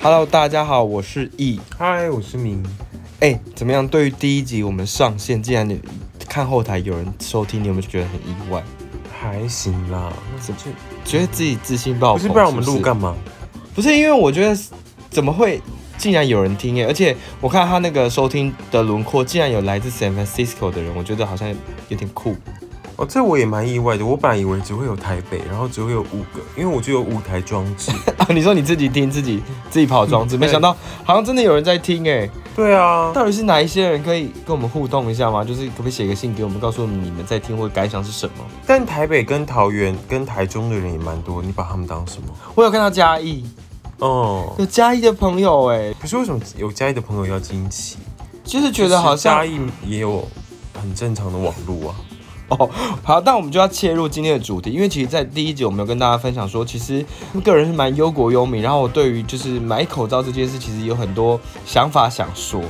Hello，大家好，我是羿，嗨，我是旼。誒、欸，怎麼樣？對於第一集我們上線，既然你看後台有人收聽，你有沒有覺得很意外？還行啦，怎麼就覺得自己自信爆棚？不是，不然我們錄幹嘛？不是，因為我覺得怎麼會竟然有人聽誒。而且我看他那個收聽的輪廓，竟然有來自 San Francisco 的人，我覺得好像有，有點酷。哦，這我也蠻意外的。我本來以為只會有台北，然後只會有五個，因為我就有五台裝置。 你說你自己聽自己自己跑裝置，嗯、沒想到好像真的有人在聽誒。對啊，到底是哪一些人，可以跟我們互動一下嗎？就是可不可以寫個信給我們，告訴你們，你們在聽或感想是什麼？但台北跟桃園跟台中的人也蠻多，你把他們當什麼？我有看到嘉義，哦、嗯，有嘉義的朋友誒。可是為什麼有嘉義的朋友要驚奇？就是覺得好像、就是、嘉義也有很正常的網路啊。嗯哦，好，但我們就要切入今天的主題，因為其實，在第一集我們有跟大家分享說，其實個人是蠻憂國憂民，然後我對於就是買口罩這件事，其實有很多想法想說。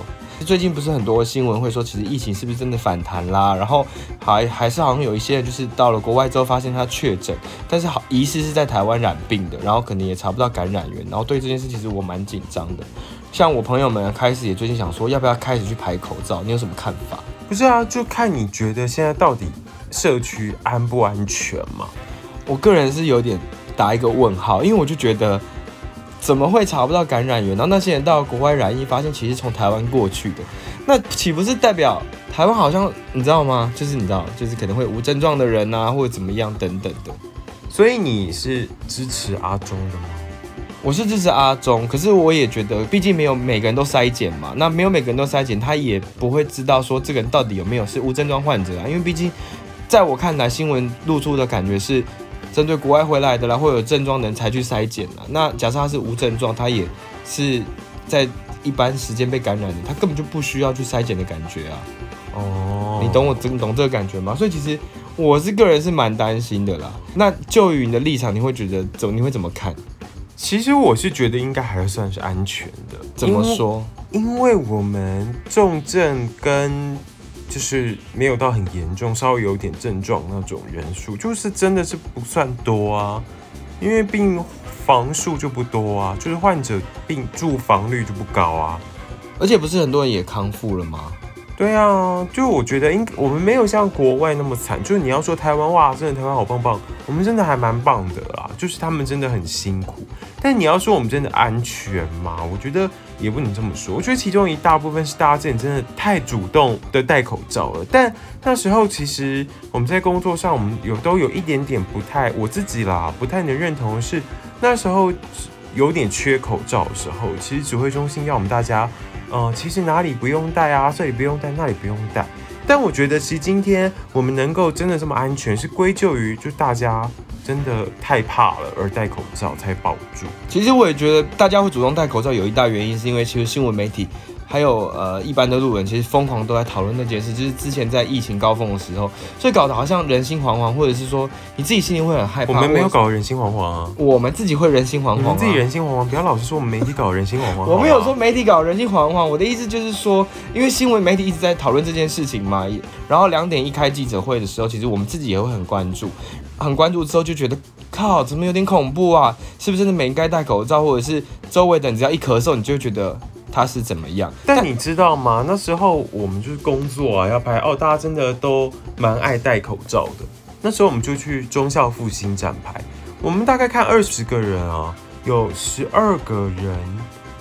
最近不是很多新聞會說，其實疫情是不是真的反彈啦？然後還還是好像有一些人就是到了國外之後發現他確診，但是好疑似是在台灣染病的，然後可能也查不到感染源，然後對這件事其實我蠻緊張的。像我朋友們開始也最近想說，要不要開始去排口罩？你有什麼看法？不是啊，就看你覺得現在到底。社區安不安全嘛？我個人是有點打一個問號，因為我就覺得怎麼會查不到感染源，然後那些人到國外染疫，發現其實從台灣過去的，那豈不是代表台灣好像你知道嗎？就是你知道，就是可能會無症狀的人啊，或者怎麼樣等等的。所以你是支持阿中的嗎？我是支持阿中，可是我也覺得，畢竟沒有每個人都篩檢嘛，那沒有每個人都篩檢，他也不會知道說這個人到底有沒有是無症狀患者啊，因為畢竟。在我看來，新聞露出的感覺是針對國外回來的啦，會有症狀人才去篩檢啦。那假設他是無症狀，他也是在一般時間被感染的，他根本就不需要去篩檢的感覺啊。哦、oh.，你懂我，懂這個感覺嗎？所以其實我是個人是蠻擔心的啦。那就於你的立場，你會覺得怎？你會怎麼看？其實我是覺得應該還算是安全的。怎麼說？因為我們重症跟就是沒有到很嚴重，稍微有點症狀那種人數，就是真的是不算多啊，因為病房數就不多啊，就是患者病住房率就不高啊，而且不是很多人也康復了嗎？對啊，就我覺得，應我們沒有像國外那麼慘。就是你要說台灣，哇，真的台灣好棒棒，我們真的還蠻棒的啦。就是他們真的很辛苦，但你要說我們真的安全嘛？我覺得也不能這麼說。我覺得其中一大部分是大家真的真的太主動的戴口罩了。但那時候其實我們在工作上，我們有都有一點點不太，我自己啦不太能認同的是那時候。有點缺口罩的時候，其實指揮中心要我們大家，呃，其實哪裡不用戴啊，這裡不用戴，那裡不用戴。但我覺得，其實今天我們能夠真的這麼安全，是歸咎於就大家真的太怕了而戴口罩才保住。其實我也覺得，大家會主動戴口罩有一大原因，是因為其實新聞媒體。還有呃，一般的路人其實瘋狂都在討論那件事，就是之前在疫情高峰的時候，所以搞得好像人心惶惶，或者是說你自己心裡會很害怕。我們沒有搞人心惶惶啊，我們自己會人心惶惶啊。你自己人心惶惶，不要老是說我們媒體搞人心惶惶。 我沒有說媒體搞人心惶惶，我的意思就是說，因為新聞媒體一直在討論這件事情嘛，然後兩點一開記者會的時候，其實我們自己也會很關注，很關注之後就覺得靠，怎麼有點恐怖啊？是不是真的沒應該戴口罩，或者是周圍的人只要一咳嗽，你就覺得。他是怎麼樣？但你知道嗎？那時候我們就是工作啊，要拍哦，大家真的都蠻愛戴口罩的。那時候我們就去忠孝復興站拍，我們大概看二十個人啊，有十二個人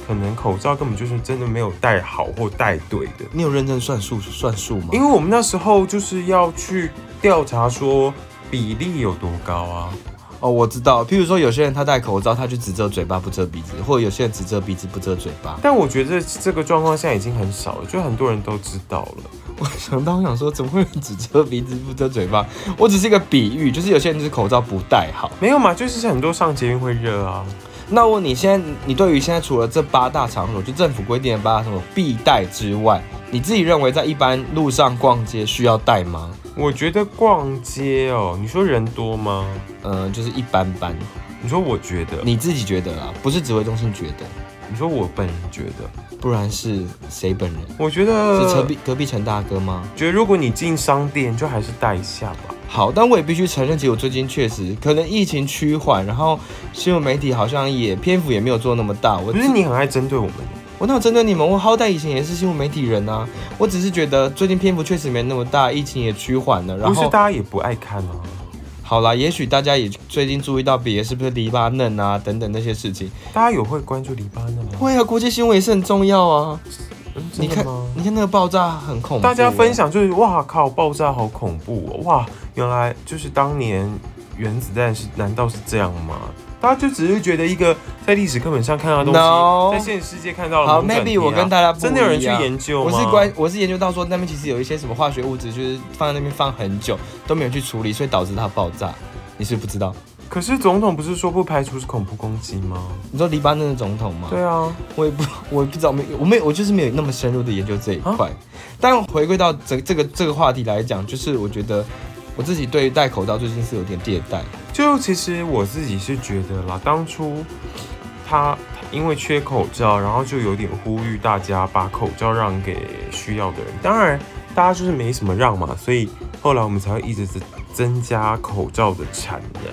可能口罩根本就是真的沒有戴好或戴對的。你有認真算數算數嗎？因為我們那時候就是要去調查說比例有多高啊。哦，我知道，譬如說，有些人他戴口罩，他就只遮嘴巴不遮鼻子，或者有些人只遮鼻子不遮嘴巴。但我覺得這個狀況現在已經很少了，就很多人都知道了。我想到，我想說，怎麼會只遮鼻子不遮嘴巴？我只是一個比喻，就是有些人是口罩不戴好，沒有嘛？就是很多上捷運會熱啊。那我問你現在，你對於現在除了這八大場所，就政府規定的八大場所必戴之外。你自己認為在一般路上逛街需要帶嗎？我覺得逛街哦，你說人多嗎？嗯，就是一般般。你說我覺得，你自己覺得啊，不是指揮中心覺得。你說我本人覺得，不然是誰本人？我覺得是隔壁隔壁陳大哥嗎？覺得如果你進商店，就還是帶一下吧。好，但我也必須承認，其實我最近確實可能疫情趨緩，然後新聞媒體好像也篇幅也沒有做那麼大。我覺得你很愛針對我們。我哪有針對你們？我好歹以前也是新聞媒體人啊！我只是覺得最近篇幅確實沒那麼大，疫情也趨緩了。然後不是，大家也不愛看啊。好啦，也許大家也最近注意到，別是不是黎巴嫩啊等等那些事情。大家有會關注黎巴嫩嗎？會啊，國際新聞也是很重要啊，嗯。你看，你看那個爆炸很恐怖。大家分享就是哇靠，爆炸好恐怖，哦、哇！原來就是當年原子彈是？難道是這樣嗎？他就只是覺得一個在歷史課本上看到的東西、no，在現實世界看到了好。好、啊、，maybe、啊、我跟大家、啊、真的有人去研究、啊。我是關，我是研究到說那邊其實有一些什麼化學物質，就是放在那邊放很久都沒有去處理，所以導致它爆炸。你是不是知道？可是總統不是說不排除是恐怖攻擊嗎？你說黎巴嫩的總統嗎？對啊，我也不，我也不知道，沒，我沒，我就是沒有那麼深入的研究這一塊、啊。但回歸到這這個這個話題來講，就是我覺得我自己對於戴口罩最近是有點懈怠。就其實我自己是覺得啦，當初他因為缺口罩，然後就有點呼籲大家把口罩讓給需要的人。當然，大家就是沒什麼讓嘛，所以後來我們才會一直增加口罩的產能。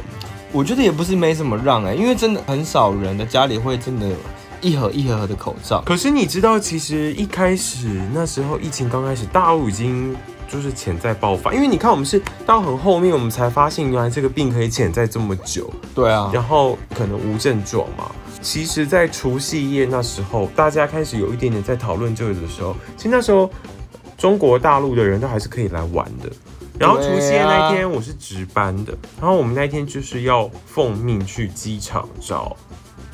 我覺得也不是沒什麼讓哎、欸，因為真的很少人的家裡會真的，有一盒一盒盒的口罩。可是你知道，其實一開始那時候疫情剛開始，大陸已經。就是潛在爆發，因為你看，我們是到很後面，我們才發現原來這個病可以潛在這麼久。對啊，然後可能無症狀嘛。其實，在除夕夜那時候，大家開始有一點點在討論這個的時候，其實那時候中國大陸的人都還是可以來玩的。然後除夕夜那天我是值班的，然後我們那一天就是要奉命去機場找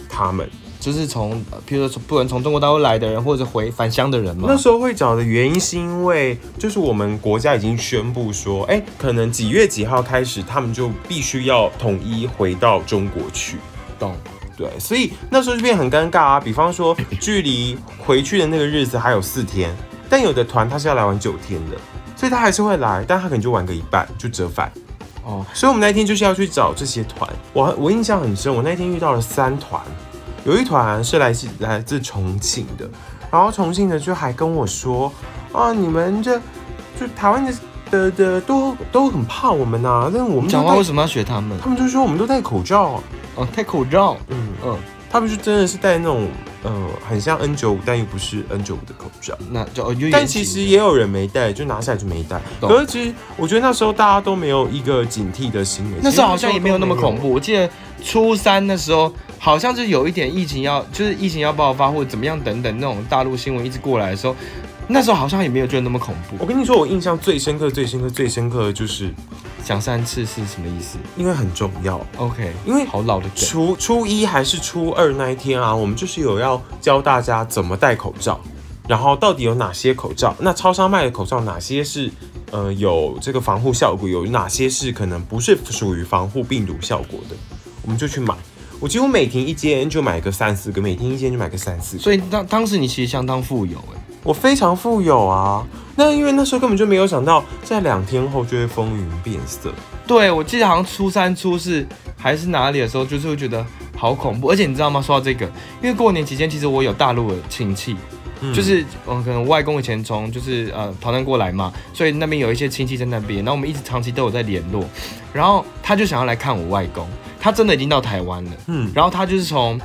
他們。就是從，比如說，不能從中國大陸來的人，或者回返鄉的人嘛。那時候會找的原因是因為，就是我們國家已經宣布說，誒、欸，可能幾月幾號開始，他們就必須要統一回到中國去。懂？對，所以那時候就變很尷尬啊。比方說，距離回去的那個日子還有四天，但有的團他是要來玩九天的，所以他還是會來，但他可能就玩個一半就折返。哦，所以我們那天就是要去找這些團。我我印象很深，我那天遇到了三團。有一團是來自來自重慶的，然後重慶的就還跟我說，啊，你們這就台灣的的的都都很怕我們吶、啊，但是我們講話為什麼要學他們？他們就說我們都戴口罩，啊、哦，戴口罩，嗯嗯，他們就真的是戴那種。呃，很像 N 九五，但又不是 N 九五的口罩。那就、哦、但其實也有人沒戴，就拿下來就沒戴。可是其實我覺得那時候大家都沒有一個警惕的行為。那時候好像也沒有那麼恐怖。嗯、我記得初三的時候，好像是有一點疫情要、嗯，就是疫情要爆發或者怎麼樣等等那種大陸新聞一直過來的時候，那時候好像也沒有覺得那麼恐怖。我跟你說，我印象最深刻、最深刻、最深刻的就是。兩三次是什麼意思？因為很重要。OK，因為好老的初初一還是初二那一天啊，我們就是有要教大家怎麼戴口罩，然後到底有哪些口罩？那超商賣的口罩哪些是，呃，有這個防護效果？有哪些是可能不是屬於防護病毒效果的？我們就去買。我幾乎每停一間就買個三四個，每停一間就買個三四個。所以當當時你其實相當富有，欸。我非常富有啊！那因為那時候根本就沒有想到，在兩天後就會風雲變色。對，我記得好像初三初四還是哪裡的時候，就是會覺得好恐怖。而且你知道嗎？說到這個，因為過年期間其實我有大陸的親戚、嗯，就是嗯、呃，可能外公以前從就是呃逃難過來嘛，所以那邊有一些親戚在那邊，然後我們一直長期都有在聯絡。然後他就想要來看我外公，他真的已經到台灣了。嗯，然後他就是從。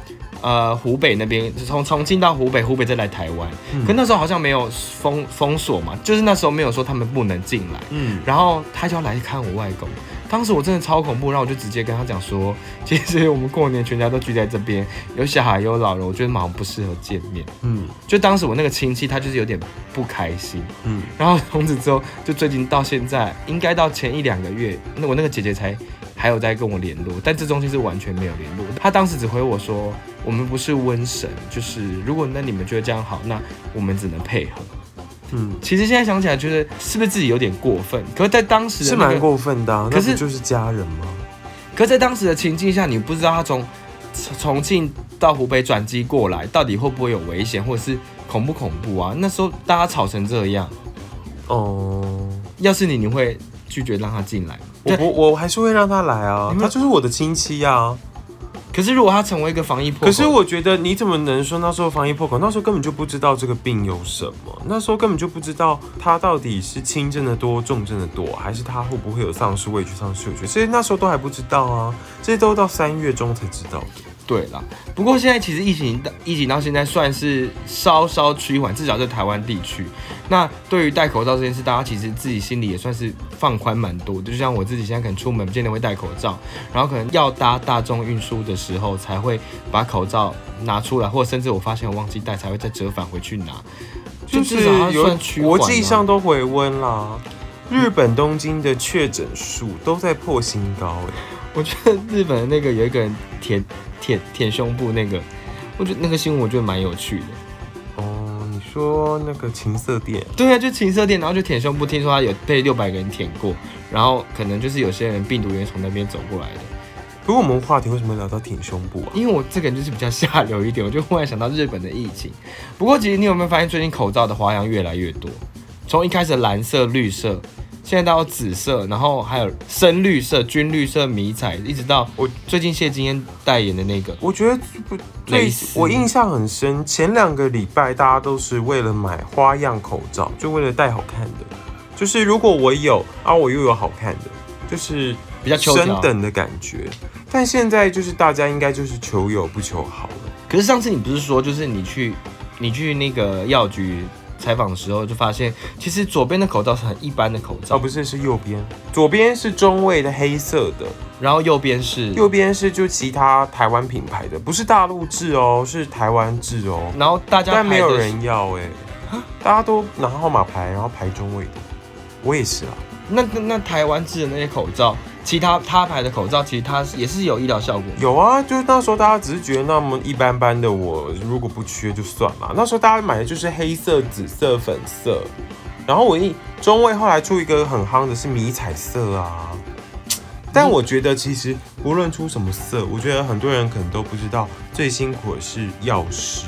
呃，湖北那邊是從重慶到湖北，湖北再來台灣，嗯、可那時候好像沒有封封鎖嘛，就是那時候沒有說他們不能進來。嗯，然後他就要來看我外公，當時我真的超恐怖，然後我就直接跟他講說，其實我們過年全家都聚在這邊，有小孩有老人，我覺得蠻不適合見面。嗯，就當時我那個親戚他就是有點不開心。嗯，然後從此之後，就最近到現在，應該到前一兩個月，那我那個姐姐才還有在跟我聯絡，但這中間是完全沒有聯絡。他當時只回我說。我們不是瘟神，就是如果那你們覺得這樣好，那我們只能配合。嗯，其實現在想起來，覺得是不是自己有點過分？可是在當時，那個，是蠻過分的，啊。可是就是家人嗎？可是在當時的情境下，你不知道他從重慶到湖北轉機過來，到底會不會有危險，或者是恐不恐怖啊？那時候大家吵成這樣，哦，要是你，你會拒絕讓他進來嗎？我我我還是會讓他來啊，他就是我的親戚啊。可是，如果它成為一個防疫破口，可是我覺得你怎麼能說那時候防疫破口？那時候根本就不知道這個病有什麼，那時候根本就不知道它到底是輕症的多，重症的多，還是它會不會有喪失味覺、喪失嗅覺？所以那時候都還不知道啊，這些都到三月中才知道的。對了，不過現在其實疫情到，疫情到現在算是稍稍趨緩，至少在台灣地區。那對於戴口罩這件事，大家其實自己心裡也算是放寬蠻多。就像我自己現在可能出門不見得會戴口罩，然後可能要搭大眾運輸的時候才會把口罩拿出來，或者甚至我發現我忘記戴才會再折返回去拿。就、啊就是有國際上都回溫啦、嗯，日本東京的確診數都在破新高。我覺得日本的那個有一個人填。舔舔胸部那個，我覺得那個新聞我覺得蠻有趣的。哦，你說那個情色店？對啊，就情色店，然後就舔胸部。聽說他有被六百個人舔過，然後可能就是有些人病毒源從那邊走過來的。不過我們話題為什麼聊到舔胸部啊？因為我這個人就是比較下流一點，我就忽然想到日本的疫情。不過其實你有沒有發現最近口罩的花樣越來越多？從一開始藍色、綠色。現在到紫色，然後還有深綠色、軍綠色、迷彩，一直到我最近謝金燕代言的那個。我覺得不對，我印象很深。前兩個禮拜大家都是為了買花樣口罩，就為了戴好看的。就是如果我有啊，我又有好看的，就是比較求生等的感覺。但現在就是大家應該就是求有不求好了。可是上次你不是說就是你去你去那個藥局？採訪的時候就發現，其實左邊的口罩是很一般的口罩哦，不是，是右邊，左邊是中衛的黑色的，然後右邊是右邊是就其他台灣品牌的，不是大陸製哦，是台灣製哦。然後大家但沒有人要、欸啊、大家都拿號碼牌，然後排中衛的，我也是啊。那那台灣製的那些口罩。其他他牌的口罩其實它也是有醫療效果，有啊，就是那時候大家只是覺得那麼一般般的我，我如果不缺就算了。那時候大家買的就是黑色、紫色、粉色，然後我一中衛後來出一個很夯的是迷彩色啊。但我覺得其實無論出什麼色，我覺得很多人可能都不知道，最辛苦的是藥師。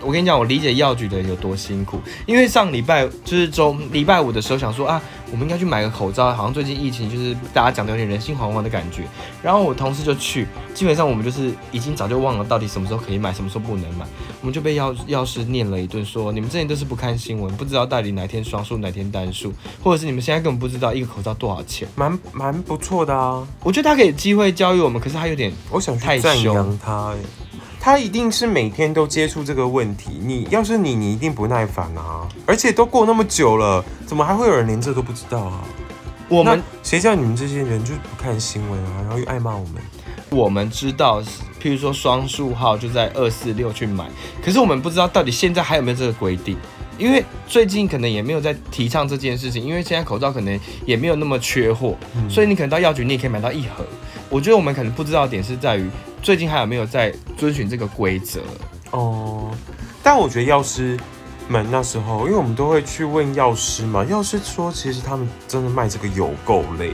我跟你講，我理解藥局的人有多辛苦，因為上禮拜就是周禮拜五的時候，想說啊，我們應該去買個口罩，好像最近疫情就是大家講的有點人心惶惶的感覺。然後我同事就去，基本上我們就是已經早就忘了到底什麼時候可以買，什麼時候不能買，我們就被藥藥師念了一頓說，說你們之前都是不看新聞，不知道到底哪天雙數哪天單數，或者是你們現在根本不知道一個口罩多少錢，蠻蠻不錯的啊。我覺得他給機會教育我們，可是他有點我想去太凶贊揚他、欸。他一定是每天都接觸這個問題。你要是你，你一定不耐煩啊！而且都過那麼久了，怎麼還會有人連這都不知道啊？我們誰叫你們這些人就不看新聞啊？然後又愛罵我們。我們知道，譬如說雙數號就在二四六去買，可是我們不知道到底現在還有沒有這個規定，因為最近可能也沒有在提倡這件事情，因為現在口罩可能也沒有那麼缺貨，嗯、所以你可能到藥局你也可以買到一盒。我覺得我們可能不知道的點是在於最近還有沒有在遵循這個規則哦。但我覺得藥師們那時候，因為我們都會去問藥師嘛，藥師說其實他們真的賣這個有夠累，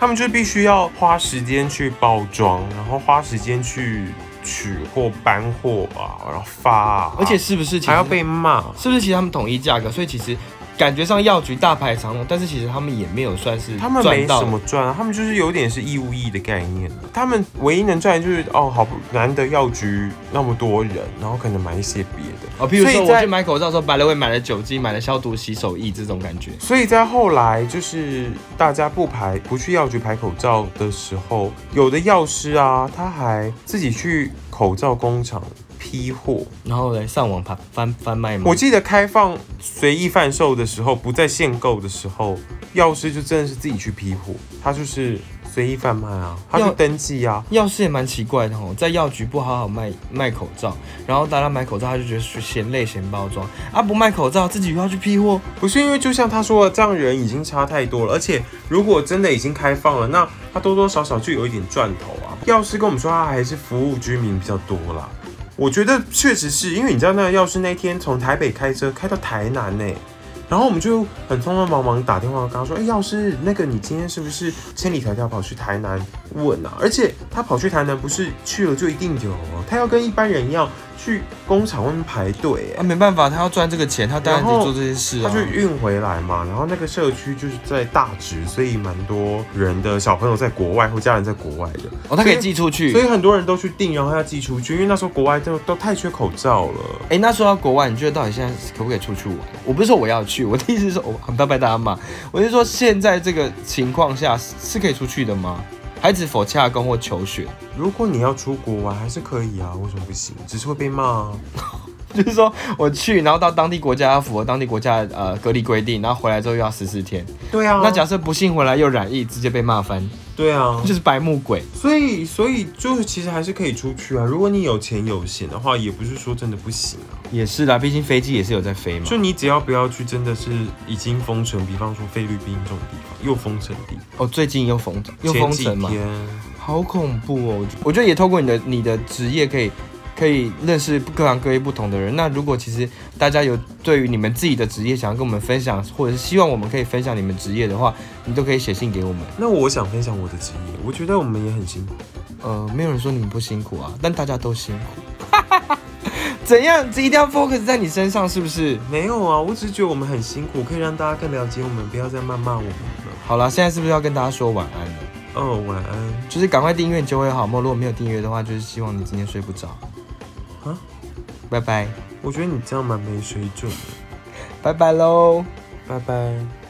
他們就必須要花時間去包裝，然後花時間去取貨搬貨吧，然後發，而且是不是還要被罵？是不是其實他們統一價格，所以其實。感覺上藥局大排長龍，但是其實他們也沒有算是賺到，他們沒什麼賺，啊，他們就是有點是義務役的概念，他們唯一能賺就是哦，好不難得藥局那麼多人，然後可能買一些別的哦，譬如說我去買口罩的時候，白了會買了酒精，買了消毒洗手液這種感覺。所以在後來就是大家不排不去藥局排口罩的時候，有的藥師啊，他還自己去口罩工廠。批貨，然後來上網盤翻販賣嗎？我記得開放隨意販售的時候，不再限購的時候，藥師就真的是自己去批貨，他就是隨意販賣啊，他就登記啊。藥師也蠻奇怪的哦，在藥局不好好賣賣口罩，然後大家買口罩他就覺得是嫌累嫌包裝啊，不賣口罩自己又要去批貨，不是因為就像他說的，這樣人已經差太多了，而且如果真的已經開放了，那他多多少少就有一點賺頭啊。藥師跟我們說，他還是服務居民比較多啦。我覺得確實是因為你知道，那個藥師那天從台北開車開到台南呢，然後我們就很匆匆忙忙打電話跟他說：“哎、欸，藥師，那個你今天是不是千里迢迢跑去台南問啊？而且他跑去台南，不是去了就一定有哦，他要跟一般人一樣。”去工廠外面排隊、啊，沒辦法，他要賺這個錢，他當然得做這些事啊、哦。他去運回來嘛，然後那個社區就是在大直，所以蠻多人的小朋友在國外或家人在國外的哦，他可以寄出去，所以，所以很多人都去訂，然後他要寄出去，因為那時候國外都都太缺口罩了。哎、欸，那說到國外，你覺得到底現在可不可以出去玩？我不是說我要去，我的意思是說，我很拜拜大家嘛，我就是說現在這個情況下是，是可以出去的嗎？孩子否洽公或求學？如果你要出國玩，還是可以啊，為什麼不行？只是會被罵啊。 就是說，我去，然後到當地國家符合當地國家呃隔離規定，然後回來之後又要十四天。對啊。那假設不幸回來又染疫，直接被罵翻。對啊，就是白目鬼。所以，所以就是其實還是可以出去啊，如果你有錢有閒的話，也不是說真的不行啊。也是啦，畢竟飛機也是有在飛嘛。就你只要不要去，真的是已經封城，比方說菲律賓這種地方又封城的地哦，最近又封，又封城嘛。前幾天。好恐怖哦！我覺得，我覺得也透過你的你的職業可以。可以認識各行各業不同的人。那如果其實大家有對於你們自己的職業想要跟我們分享，或者是希望我們可以分享你們職業的話，你都可以寫信給我們。那我想分享我的職業，我覺得我們也很辛苦。呃，沒有人說你們不辛苦啊，但大家都辛苦。哈哈哈。怎樣？這一定要 focus 在你身上是不是？沒有啊，我只是覺得我們很辛苦，可以讓大家更了解我們，不要再謾罵我們了。好了，現在是不是要跟大家說晚安了？哦，晚安。就是趕快訂閱就會好嘛。如果沒有訂閱的話，就是希望你今天睡不着。拜拜，我覺得你這樣蠻沒水準的。拜拜嘍，拜拜。